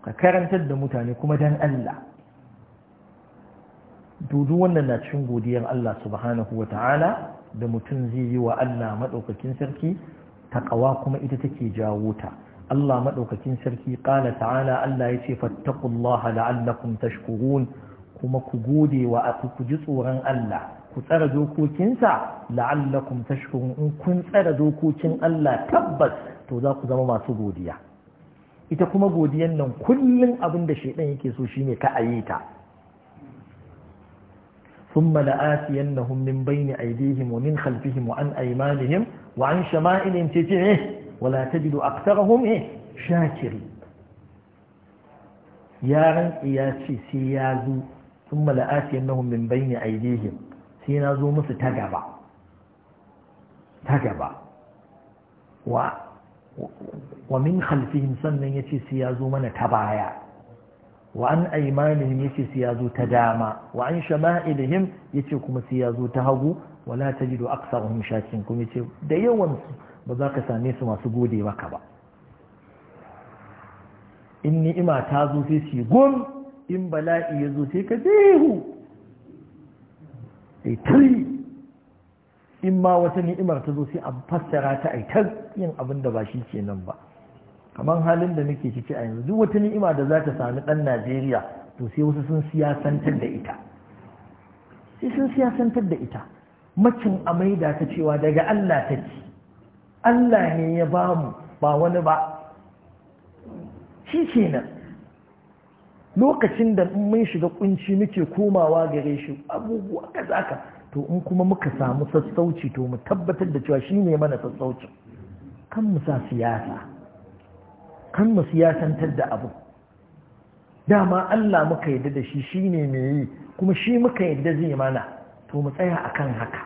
ka karantar da mutane kuma dan Allah dudu wannan na cikin godiyar Allah subhanahu wa ta'ala da mutum zai yi wa Allah maɗaukakin sarki takawa kuma ita take jawo ta Allah maɗaukakin sarki ƙala ta'ala Allah ya ce fattakullaha la'allakum tashkurun kuma ku gode wa ku ji tsoron Allah ku tsara dokokinsa la'allakum tashkurun in kun tsara dokokin Allah tabbas to za ku zama masu godiya ita kuma godiyan nan kullum abin da shaidan yake so shine ka ayi ta ثم لآتينهم من بين أيديهم ومن خلفهم وعن أيمانهم وعن شمائل امتتعه ولا تجد أكثرهم إيه شاكرين yaran ce sai ya zo sun mala'ati yannahun min bayni aidihim sai na zo musu ta gaba ta gaba wa wa min khalfihim sannan ya ce su ya zo mana ta baya wa an aymanihim yace su ya zo ta dama wa an shama'ilihim ce kuma su ya zo ta hagu wala tajidu aksarahum shakin kuma yace da yawan su ba za ka same su masu gode maka ba in ni'ima ta zo sai su gum in bala'i ya zo sai ka dehu sai tari in ma wata ni'imar ta zo sai a fassara ta aitar yin abin da ba shi kenan ba kamar halin da nake ciki a yanzu duk wata ni'ima da za ta sami ɗan najeriya to sai wasu sun siyasantar da ita sai sun siyasantar da ita macin maida ta cewa daga allah ta ce allah ne ya ba mu ba wani ba shi nan lokacin da mun shiga kunci muke komawa gare shi abubuwa kaza ka, to in kuma muka samu sassauci to mu tabbatar da cewa shi ne mana sassauci kan mu sa siyasa kan mu siyasantar da abu dama Allah muka yadda da shi shi ne mai yi kuma shi muka yadda zai mana to mu tsaya a kan haka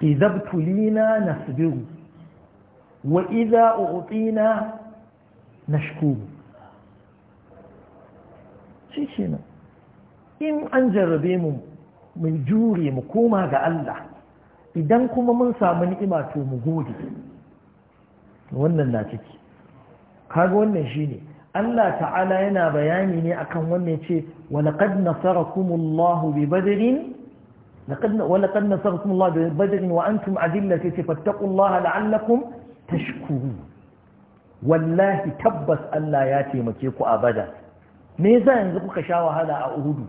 izabtulina nasbiru wa idza na shukuru shi kenan in an jarrabe mu mu jure mu koma ga Allah idan kuma mun samu ni'ima to mu gode wannan na ciki kaga wannan shine Allah ta'ala yana bayani ne akan wannan ce walaqad nasarakumullahu bi badrin laqad walaqad nasarakumullahu bi badrin wa antum adillatu fattaqullaha la'allakum tashkurun wallahi tabbas Allah ya taimake ku a bada me yasa yanzu kuka sha wahala a uhudu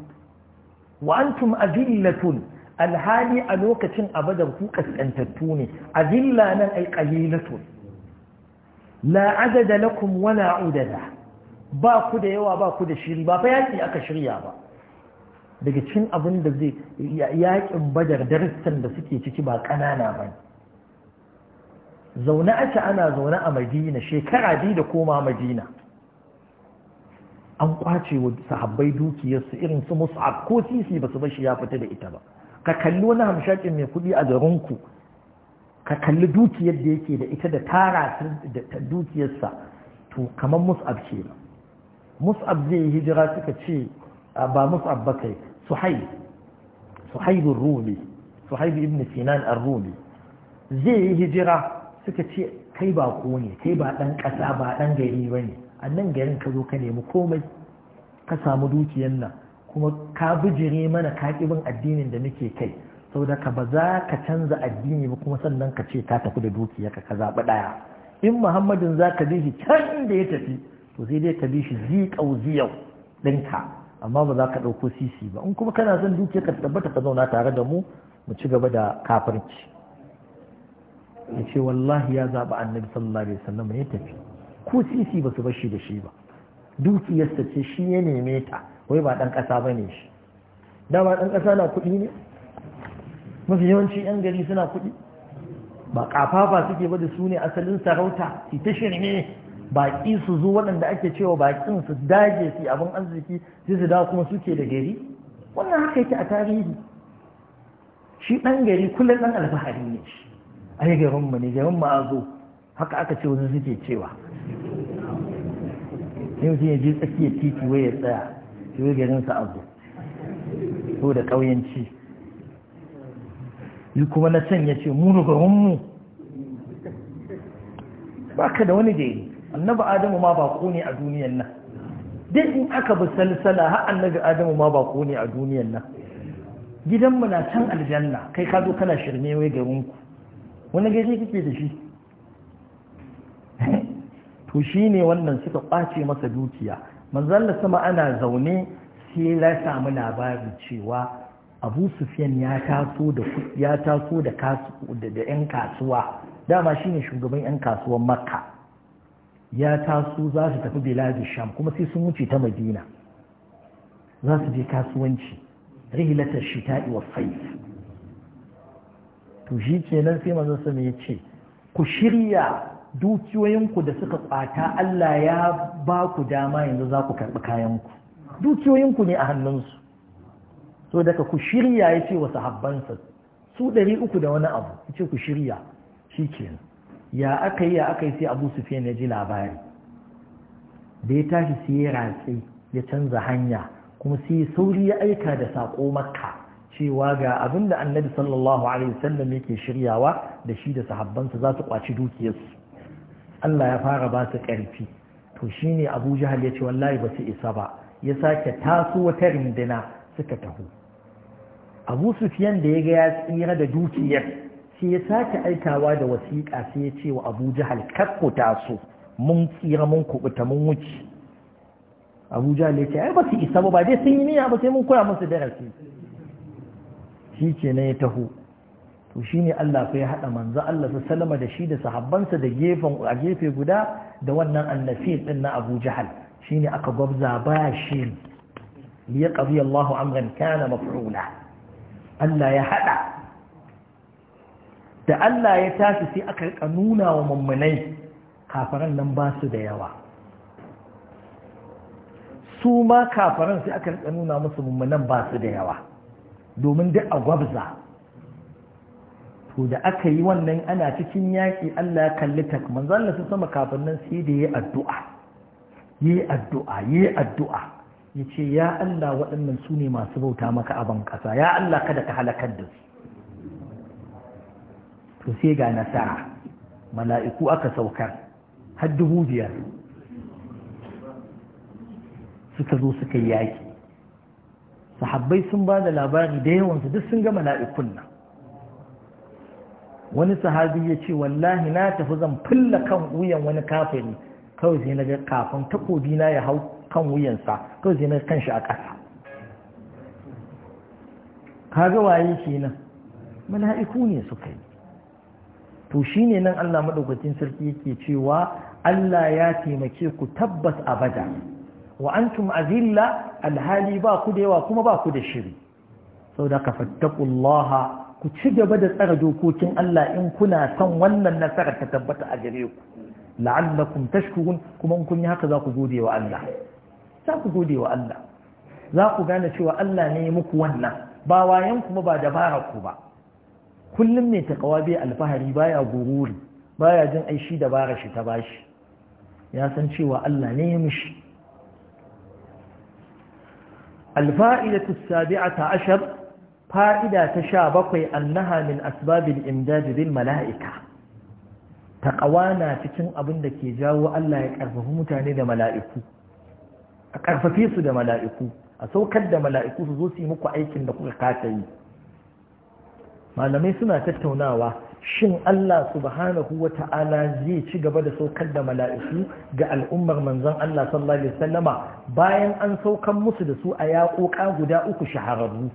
wa antum adillatun alhali a lokacin abadar ku kaskantattu ne azilla nan ai qalilatun la adada lakum wala udada ba ku da yawa ba ku da shiri ba fa yaki aka shirya ba daga cikin abin da zai yakin badar darussan da suke ciki ba kanana ba zaune a ci ana zaune a madina shekara biyu da koma madina an kwace wa sahabbai dukiyarsu irin su Musa ko sisi ba su bashi ya fita da ita ba ka kalli wani hamshakin mai kuɗi a garinku ka kalli dukiyar da yake da ita da tara da dukiyarsa to kamar mus'ab ce ba mus'ab zai hijira suka ce ba mus'ab ba kai suhaib rumi suhaib ibn sinan ar-rumi zai yi hijira suka ce kai ba ko ne kai ba dan kasa ba dan gari ba ne a nan garin ka zo ka nemi komai ka samu dukiyar nan kuma ka bijire mana ka bin addinin da muke kai saboda ka ba za ka canza addini ba kuma sannan ka ce ta tafi da dukiya ka zaɓi ɗaya in muhammadin za ka bi shi can da ya tafi to sai dai ka bi shi ziƙau ziyau ɗinka amma ba za ka ɗauko sisi ba in kuma kana son dukiya ka tabbata ka zauna tare da mu mu ci gaba da kafirci ya ce wallahi ya zaɓi annabi sallallahu alaihi wasallam ya tafi ko sisi ba su bashi da shi ba dukiyarsa ce shi ya neme ta wai ba ɗan ƙasa ba ne shi dama ɗan ƙasa na kuɗi ne mafi yawanci 'yan gari suna kuɗi ba ƙafafa suke ba da su ne asalin sarauta ita ta shirme baƙi su zo waɗanda ake cewa baƙin su dage su abin arziki su su dawo kuma suke da gari wannan haka yake a tarihi shi ɗan gari kullum ɗan alfahari ne shi ai mu ne mu a zo haka aka ce wani suke cewa ne mutum ya je tsakiyar titi wai ya tsaya garin garinsa a zo so da ƙauyenci yi kuma na can ya ce munu garinmu ba ka da wani yi. Annaba adamu ma bako ne a duniyan nan dai in aka bi salsala har annabi adamu ma bako ne a duniyan nan gidanmu na can aljanna kai ka zo kana shirme wai ku. wani gari kake da shi to shi ne wannan suka kwace masa dukiya manzalla sama ana zaune sai la samu labari cewa abu sufyan ya taso da ya taso da da yan kasuwa dama shine shugaban yan kasuwar makka ya taso za su tafi biladu sham kuma sai sun wuce ta madina za su je kasuwanci rihilatar shita'i wa faif to shi kenan sai manzo sama ya ce ku shirya dukiyoyinku da suka kwata Allah ya ba ku dama yanzu za ku karɓi kayanku dukiyoyinku ne a hannunsu so daga ku shirya ya ce wa sahabbansa su ɗari uku da wani abu ya ce ku shirya shi ya aka yi ya aka yi sai abu fiye ya ji labari da ya tashi sai ya ratse ya canza hanya kuma sai sauri ya aika da saƙo makka cewa ga abin da annabi sallallahu alaihi wasallam yake shiryawa da shi da sahabbansa za su kwaci dukiyarsu Allah ya fara ba su ƙarfi to shine Abu Jahal ya ce wallahi ba su isa ba ya sake taso wata rindina suka taho abu sufiyan da ya ga ya tsira da dukiyar sai ya sake aikawa da wasiƙa sai ya ce wa abu jahal kakkuta su mun tsira mun kubuta mun wuce abu jahal ya ce ai ba su isa ba ba dai sun yi niyya ba sai mun koya musu darasi shi na ya taho to shi ne Allah ya haɗa manzo Allah su salama da shi da sahabbansa da gefen a gefe guda da wannan annafi ɗin na Abu Jahal shi ne aka gwabza ba shi liya ƙabi amran kana maf'ula Allah ya haɗa da Allah ya tashi sai aka rika nuna wa mummunai kafaran nan ba su da yawa su ma kafaran sai aka rika nuna musu mummunan ba su da yawa domin duk a gwabza to da aka yi wannan ana cikin yaƙi Allah ya kalli tak manzon sama kafin nan sai da yi addu'a yi addu'a yi addu'a ya ce ya Allah waɗannan su ne masu bauta maka abin ƙasa ya Allah kada ka halakar da su to sai ga nasara mala'iku aka saukar har dubu biyar suka zo suka yi yaƙi sahabbai sun ba da labari da yawansu duk sun ga mala'ikun nan wani sahabi ya ce wallahi na tafi zan fulla kan wuyan wani kafiri kawai sai na ga kafin takobi na ya hau kan wuyansa kawai sai na kan shi a ƙasa kaga waye kenan mala'iku ne suka yi to shine nan Allah maɗa'ukacin sarki yake cewa Allah ya taimake ku tabbas abada wa antum azilla alhali ba ku da yawa kuma ba ku da shiri da ka fattaqullaha ku ci gaba da tsara dokokin Allah in kuna son wannan nasarar ta tabbata a gare ku la'allakum tashkurun kuma in kun yi haka za ku gode wa Allah za ku gode wa Allah za ku gane cewa Allah ne ya muku wannan ba wayan kuma ba dabarar ku ba kullum mai takawa bai alfahari baya gururi baya jin ai shi dabara shi ta bashi ya san cewa Allah ne ya mishi الفائدة السابعة عشر فائدة تشابق أنها من أسباب الإمداد cikin تقوانا تكن أبن دكي جاو ألا يكأرفه متاني ذا ملائكو a ƙarfafi su da mala'iku a saukar da mala'iku su zo su yi muku aikin da kuka kasa yi malamai suna tattaunawa shin Allah subhanahu wa ta'ala zai ci gaba da saukar da mala'iku ga al'ummar manzon Allah sallallahu alaihi wasallama bayan an saukar musu da su a yaƙoƙa guda uku shahararru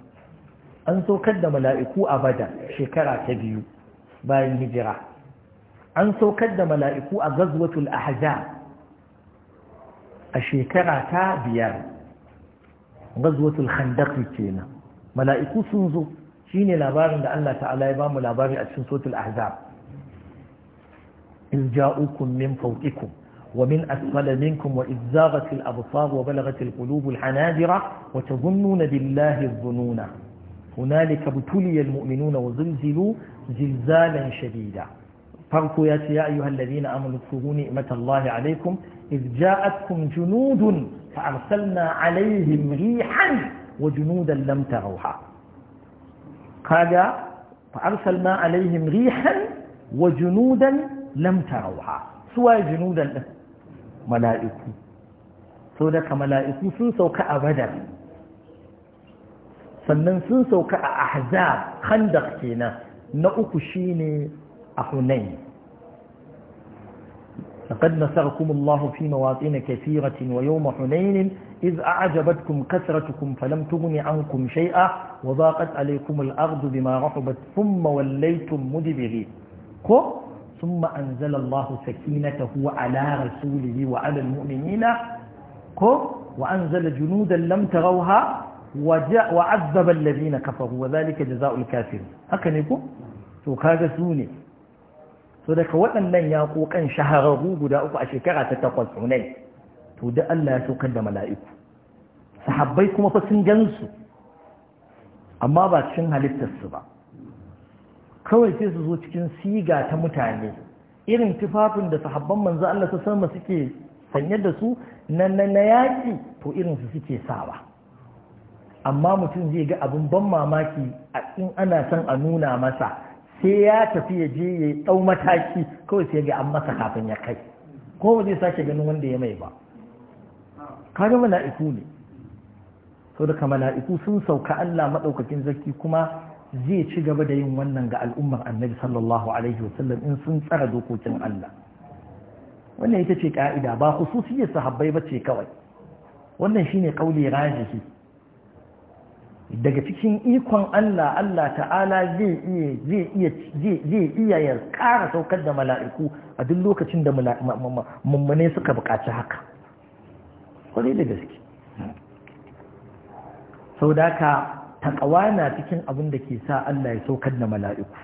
an saukar da mala'iku a bada shekara ta biyu bayan hijira an saukar da mala'iku a gazwatul ahzab a shekara ta biyar gazuwatul khandaqi kenan mala'iku sun zo shine labarin da Allah ta'ala ya bamu labari a cikin suratul ahzab in ja'ukum min fawqikum wa min asfala minkum wa izzaghatil absar wa balaghatil qulubul hanajira wa tazunnuna billahi dhununa hunalika butuliya almu'minuna wa zulzilu zilzalan shadida farko ya ce ya ayyuhal ladina amanu tsuru ni'matallahi alaikum إذ جاءتكم جنود فأرسلنا عليهم ريحا وجنودا لم تروها قال فأرسلنا عليهم ريحا وجنودا لم تروها سوى جنودا ملائكة سودك ملائكة سنسوك أبدا sannan sun sauka a ahzab khandaq kenan na uku shine a hunayn لقد نصركم الله في مواطن كثيرة ويوم حنين إذ أعجبتكم كثرتكم فلم تغن عنكم شيئا وضاقت عليكم الأرض بما رحبت ثم وليتم مدبرين ثم أنزل الله سكينته على رسوله وعلى المؤمنين وأنزل جنودا لم تروها وعذب الذين كفروا وذلك جزاء الكافرين هكذا يقول وكذا سوني so daga waɗannan ya kokan shahararru guda uku a shekara ta takwas sunai to da Allah ya saukar da mala'iku sahabbai kuma fa sun gansu amma ba cikin halittarsu ba kawai sai su zo cikin siga ta mutane irin tufafin da sahabban manzo Allah ta sama suke sanye da su na na yaƙi to irin su suke sawa amma mutum zai ga abin ban mamaki in ana san a nuna masa sai ya tafi ya je ya ɗau mataki kawai sai ga an masa kafin ya kai ko ba zai sake ganin wanda ya mai ba kaga mala'iku ne sau da kama mala'iku sun sauka Allah maɗaukakin zarki kuma zai ci gaba da yin wannan ga al'ummar annabi sallallahu alaihi wasallam in sun tsara dokokin Allah wannan ita ce ka'ida ba khususiyar sahabbai ba ce kawai wannan shine kauli rajihi daga cikin ikon Allah Allah ta'ala zai iya zai iya ya ƙara saukar da mala'iku a duk lokacin da mummune suka buƙaci haka kwarai da gaske sau da ka taƙawa na cikin abin da ke sa Allah ya saukar da mala'iku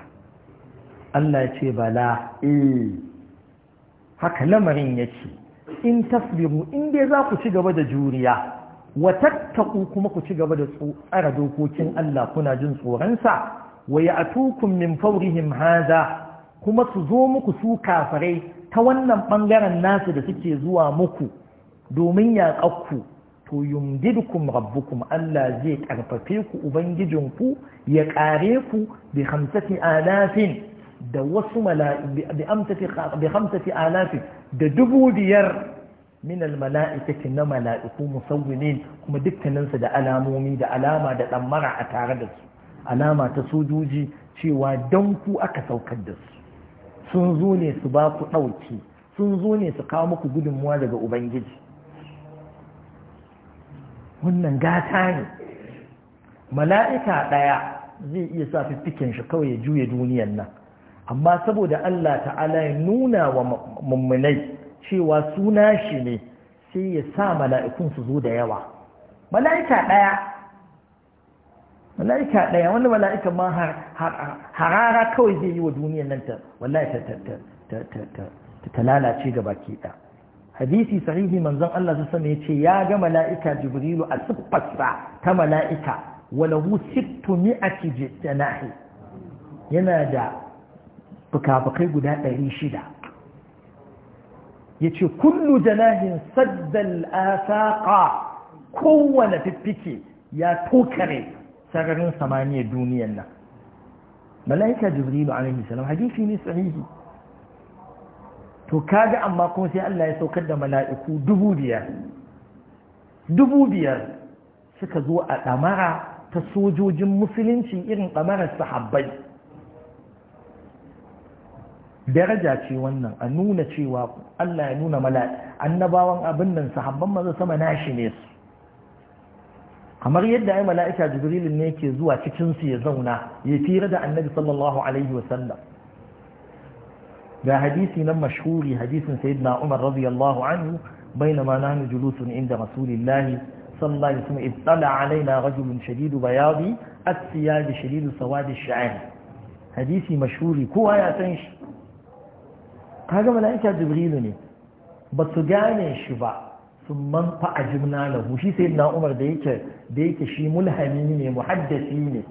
Allah ya ce bala e, haka lamarin ya ce, in tasbiru in dai za ku ci gaba da juriya wa tattaku kuma ku ci gaba da tsara dokokin Allah kuna jin tsoronsa wa ya'tukum min fawrihim hadha kuma su zo muku su kafare ta wannan bangaren nasu da suke zuwa muku domin yaƙakku to yumdidukum rabbukum Allah zai karfafe ku ubangijinku ya kare ku bi khamsati alafin da wasu mala'i bi amsati bi khamsati alafin da dubu biyar min almala'ikati na mala'iku musawwimin kuma dukkaninsu da alamomi da alama da ɗammara a tare da su alama ta sojoji cewa don ku aka saukar da su sun zo ne su ba ku ɗauki sun zo ne su kawo muku gudunmuwa daga ubangiji wannan gata ne mala'ika ɗaya zai iya sa fiffiken shi kawai ya juya duniyan nan amma saboda Allah ta'ala ya nuna wa mummunai cewa suna shi ne sai ya sa mala'ikun su zo da yawa mala'ika ɗaya mala'ika ɗaya wani mala'ika ma harara kawai zai yi wa duniyan nan ta wallahi ta lalace ga baki da. hadisi sahihi manzon Allah su sani ya ce ya ga mala'ika jibrilu a siffarsa ta mala'ika walahu sittu mi'ati janahi yana da fuka-fukai guda ɗari shida yace kullu janahin saddal asaqa kowane fiffike ya tokare sararin samaniyar duniyar nan malaika jibrilu alaihi salam hadisi ne sahihi to kaga amma kuma sai Allah ya saukar da mala'iku dubu biyar dubu biyar suka zo a ɗamara ta sojojin musulunci irin ɗamarar sahabbai daraja ce wannan a nuna cewa Allah ya nuna mala annabawan abin nan sahabban maza sama nashi ne su kamar yadda ai mala'ika jibril ne yake zuwa cikin su ya zauna ya fira da annabi sallallahu alaihi wa sallam ga hadisi nan mashhuri hadisin sayyidina umar radiyallahu anhu بينما نحن جلوس عند رسول الله صلى الله عليه وسلم اطلع علينا رجل شديد بياض الثياب شديد سواد الشعر حديثي مشهور كوا يا تنشي kaga mala'ika jibrilu ne ba su gane shi ba sun a jimna lahu shi sai na umar da yake da yake shi mulhami ne muhaddasi ne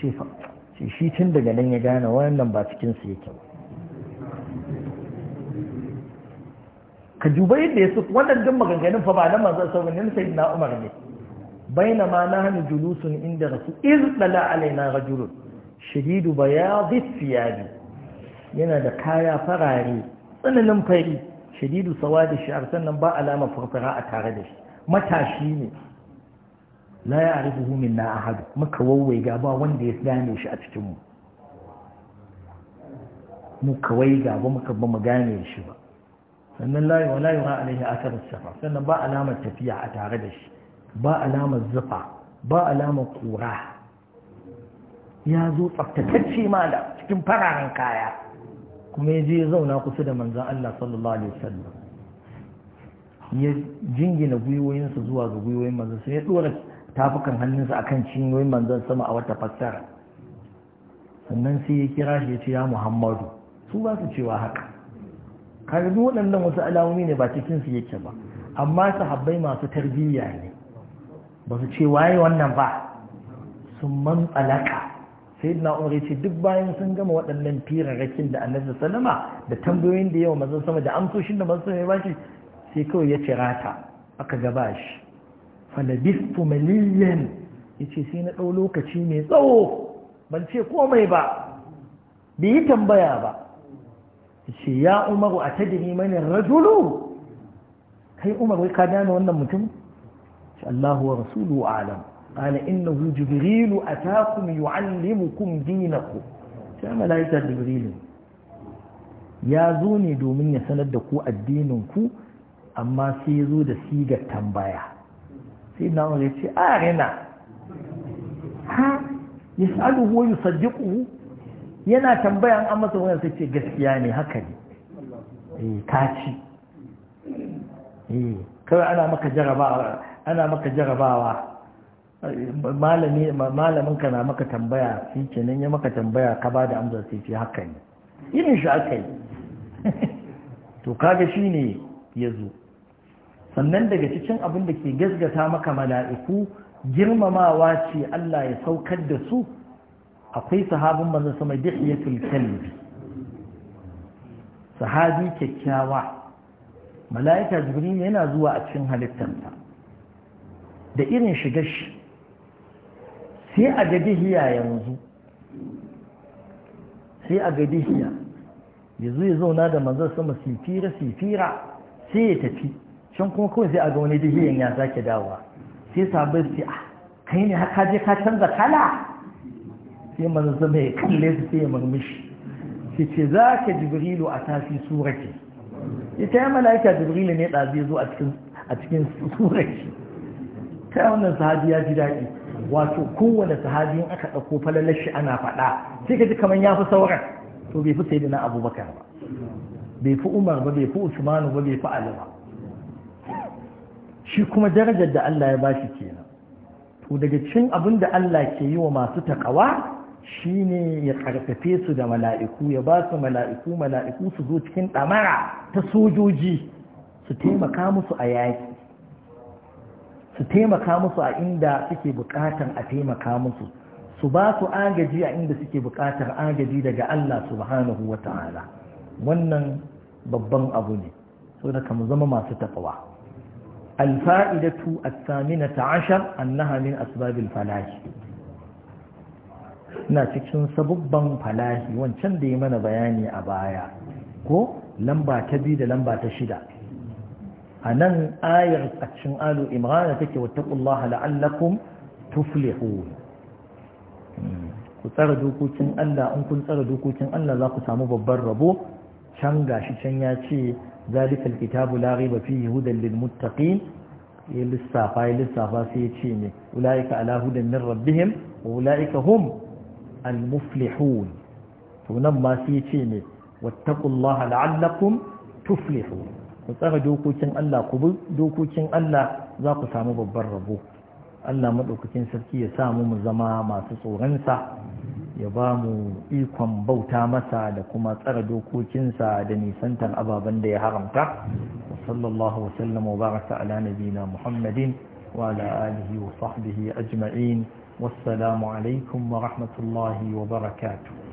shi shi tun daga nan ya gane wannan ba cikin su yake ba ka juba yadda ya su wannan duk maganganun fa ba na manzo sauran sai na umar ne bainama nahnu julusun inda rasul iz dala alaina rajulun shadidu bayadhi thiyabi yana da kaya farare tsananin fari shadidu sawa da shi'ar sannan ba alama farfara a tare da shi matashi ne la ya arifu min na ahadu muka wawai ga ba wanda ya gane shi a cikinmu muka wai ga ba muka ba mu gane shi ba sannan la wa la yura alaihi athar safa sannan ba alamar tafiya a tare da shi ba alamar zufa ba alamar kura ya zo tsaftatacce ma da cikin fararen kaya kuma ya je ya zauna kusa da manzan Allah sallallahu alaihi wasallam ya jingina gwiwoyinsa zuwa ga gwiwoyin manzan sai ya dora tafukan hannunsa akan cinyoyin manzan sama a wata fassara sannan sai ya kira shi ya ce ya muhammadu su ba su cewa haka kaga duk waɗannan wasu alamomi ne ba cikin su yake ba amma sahabbai masu tarbiyya ne ba su ce waye wannan ba sun man tsalaka sayyidina umar ce duk bayan sun gama waɗannan firarrakin da annabi sallama da tambayoyin da yawa mazan sama da amsoshin da mazan sama ya bashi sai kawai ya cira ta aka gaba shi falabistu maliyan ce sai na ɗau lokaci mai tsawo ban ce komai ba bai yi tambaya ba Ya ce ya umaru a dini mani rajulu kai umar ka gane wannan mutum shi Allahu wa rasulu alam قال إنه جبريل أتاكم يعلمكم دينكم سيما لا يتعد جبريل يا زوني دومين يسندكو الدينكو أما سيزو دا سيغة تنبايا سيدنا عمر يتشي آغنا ها يسأله ويصدقه ينا تنبايا أما masa wani sai ce gaskiya ne haka ne ka ci kawai ana maka jarabawa malamin ka na maka tambaya shi kenan ya maka tambaya ka ba da amsa sai fi haka ne irin shi aka yi to kaga shi ne ya zo sannan daga cikin abin da ke gasgata maka mala'iku girmamawa ce Allah ya saukar da su akwai sahabin manzo sama dihiyatul kalbi sahabi kyakkyawa mala'ika jibril yana zuwa a cikin halittarsa da irin shigar shi sai a ga dihiya yanzu sai a ga dihiya yanzu ya zauna da manzon sama sifira sifira sai ya tafi can kuma kawai sai a ga wani dihiyan ya sake dawa sai sabai sai a ah, kai ne haka je ka canza kala sai manzon sama ya kalle su sai ya murmushi sai ce za ka jibrilu a tafi surake ita ya mala'ika jibrilu ne ɗazi zo a cikin surake ta wannan sahabi ya ji daɗi wato kowane sahabi in aka ɗauko falalar shi ana faɗa sai ka ji kamar ya fi sauran to bai fi sayyidina abubakar ba bai fi umar ba bai fi usmanu ba bai fi ali ba shi kuma darajar da Allah ya bashi kenan to daga cikin abin da Allah ke yi wa masu takawa shine ya karfafe su da mala'iku ya ba su mala'iku mala'iku su zo cikin ɗamara ta sojoji su taimaka musu a yaki. su taimaka musu a inda suke buƙatar a taimaka musu su ba su agaji a inda suke buƙatar agaji daga Allah subhanahu wa ta'ala wannan babban abu ne so da mu zama masu taɓawa alfa'idatu as-samina ta'ashar annaha min asbabil falahi na cikin sabubban falahi wancan da ya mana bayani a baya ko lamba ta biyu da lamba ta shida a nan ayar a cikin alu imran take wattaqullaha la'allakum tuflihun ku tsara dokokin Allah in kun tsara dokokin Allah za ku samu babban rabo can gashi can ya ce zalikal kitabu la ghaiba fi hudan lil muttaqin ya lissafa ya lissafa sai ya ce ne ula'ika ala hudan min rabbihim wa ula'ika hum al-muflihun to nan ma sai ya ce ne wattaqullaha la'allakum tuflihun ku tsara dokokin Allah ku bi dokokin Allah za ku samu babban rabo Allah maɗaukakin sarki ya samu mu zama masu tsoronsa ya ba mu ikon bauta masa da kuma tsara dokokinsa da nisantar ababen da ya haramta sallallahu wasallam wa baraka ala nabina muhammadin wa ala alihi wa sahbihi ajma'in wassalamu alaikum wa rahmatullahi wa barakatuh